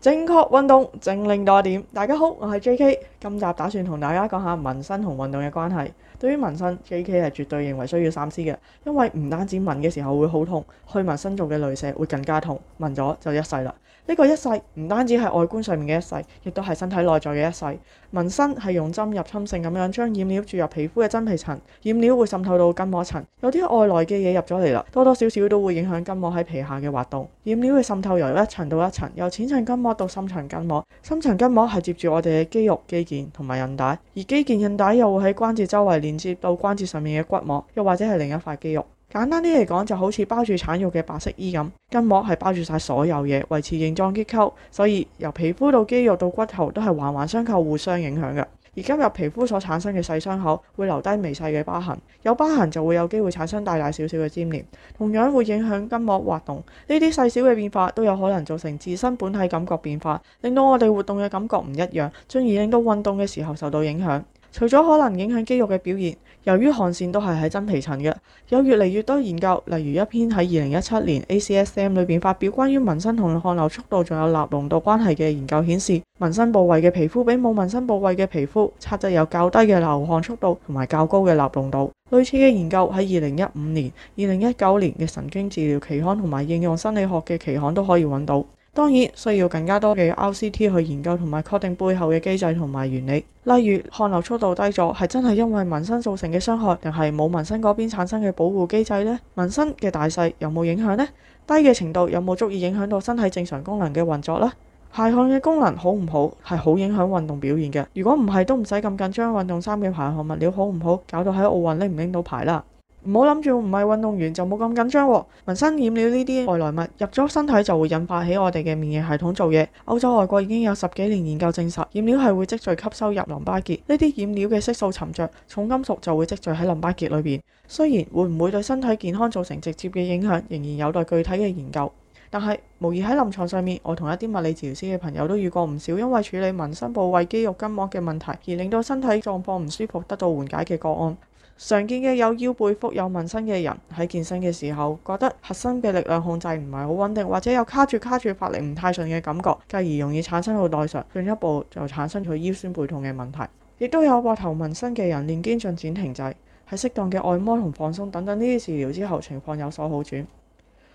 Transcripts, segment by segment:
正確運動正令多點，大家好，我係 J.K. 今集打算同大家講下紋身同運動嘅關係。對於紋身，J.K. 係絕對認為需要三思嘅，因為唔單止紋嘅時候會好痛，去紋身做嘅鐳射會更加痛。紋咗就一世啦，呢個一世唔單止係外觀上面嘅一世，亦都係身體內在嘅一世。紋身係用針入侵性咁樣將染料注入皮膚嘅真皮層，染料會滲透到筋膜層，有啲外來嘅嘢入咗嚟啦，多多少少都會影響筋膜喺皮下嘅滑動。染料嘅滲透由一層到一層，由淺層筋膜，到深層筋膜，深層筋膜係接住我哋嘅肌肉、肌腱同埋韌帶，而肌腱、韌帶又會喺關節周圍連接到關節上面嘅骨膜，又或者係另一塊肌肉。簡單啲嚟講，就好似包住橙肉嘅白色衣咁，筋膜係包住晒所有嘢，維持形狀結構。所以由皮膚到肌肉到骨頭都係環環相扣，互相影響嘅。而加入皮膚所產生嘅細傷口會留低微細嘅疤痕，有疤痕就會有機會產生大大小小嘅粘連，同樣會影響筋膜滑動。呢啲細小嘅變化都有可能造成自身本體感覺變化，令到我哋活動嘅感覺唔一樣，進而令到運動嘅時候受到影響。除咗可能影響肌肉嘅表現，由於汗腺都係喺真皮層嘅，有越嚟越多研究，例如一篇喺二零一七年 ACSM 裏邊發表關於紋身同汗流速度仲有鈉濃度關係嘅研究顯示，紋身部位嘅皮膚比冇紋身部位嘅皮膚，測得有較低嘅流汗速度同埋較高嘅鈉濃度。類似嘅研究喺二零一五年、二零一九年嘅神經治療期刊同埋應用生理學嘅期刊都可以揾到。當然需要更加多嘅 RCT 去研究同埋確定背後嘅機制同埋原理，例如汗流速度低咗係真係因為紋身造成嘅傷害，定係冇紋身嗰邊產生嘅保護機制呢？紋身嘅大細有冇影響呢？低嘅程度有冇足以影響到身體正常功能嘅運作呢？排汗嘅功能好唔好係好影響運動表現嘅，如果唔係都唔使咁緊張，運動衫嘅排汗物料好唔好，搞到喺奧運拎唔拎到牌啦？唔好諗住唔係運動員就冇咁緊張。紋身染料呢啲外來物入咗身體就會引發起我哋嘅免疫系統做嘢。歐洲外國已經有十幾年研究證實，染料係會積聚吸收入淋巴結，呢啲染料嘅色素沉着，重金屬就會積聚喺淋巴結裏邊。雖然會唔會對身體健康造成直接嘅影響，仍然有待具體嘅研究。但係無疑喺臨床上面，我同一啲物理治療師嘅朋友都遇過唔少，因為處理紋身部位肌肉筋膜嘅問題，而令到身體狀況唔舒服得到緩解嘅個案。常見嘅有腰背腹有紋身嘅人喺健身嘅時候，覺得核心嘅力量控制唔係好穩定，或者有卡住卡住發力唔太順嘅感覺，繼而容易產生到代償，進一步就產生咗腰酸背痛嘅問題。亦都有膊頭紋身嘅人練肩進展停滯，喺適當嘅按摩同放鬆等等呢啲治療之後，情況有所好轉。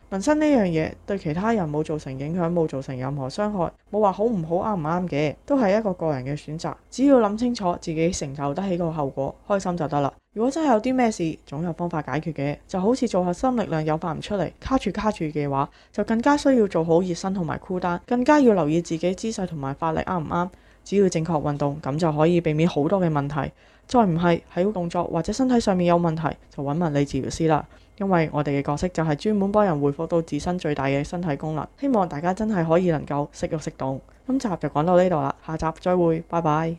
紋身呢樣嘢對其他人冇造成影響，冇造成任何傷害，冇話好唔好啱唔啱嘅，都係一個個人嘅選擇。只要諗清楚自己承受得起個後果，開心就得啦。如果真係有啲咩事，總有方法解決嘅，就好似做核心力量有發唔出嚟，卡住卡住嘅話，就更加需要做好熱身同埋 Cool Down，更加要留意自己姿勢同埋發力啱唔啱。只要正確運動，咁就可以避免好多嘅問題。再唔係喺動作或者身體上面有問題，就搵物理治療師啦。因為我哋嘅角色就係專門幫人回復到自身最大嘅身體功能。希望大家真係可以能夠識郁適動。今集就講到呢度啦，下集再會，拜拜。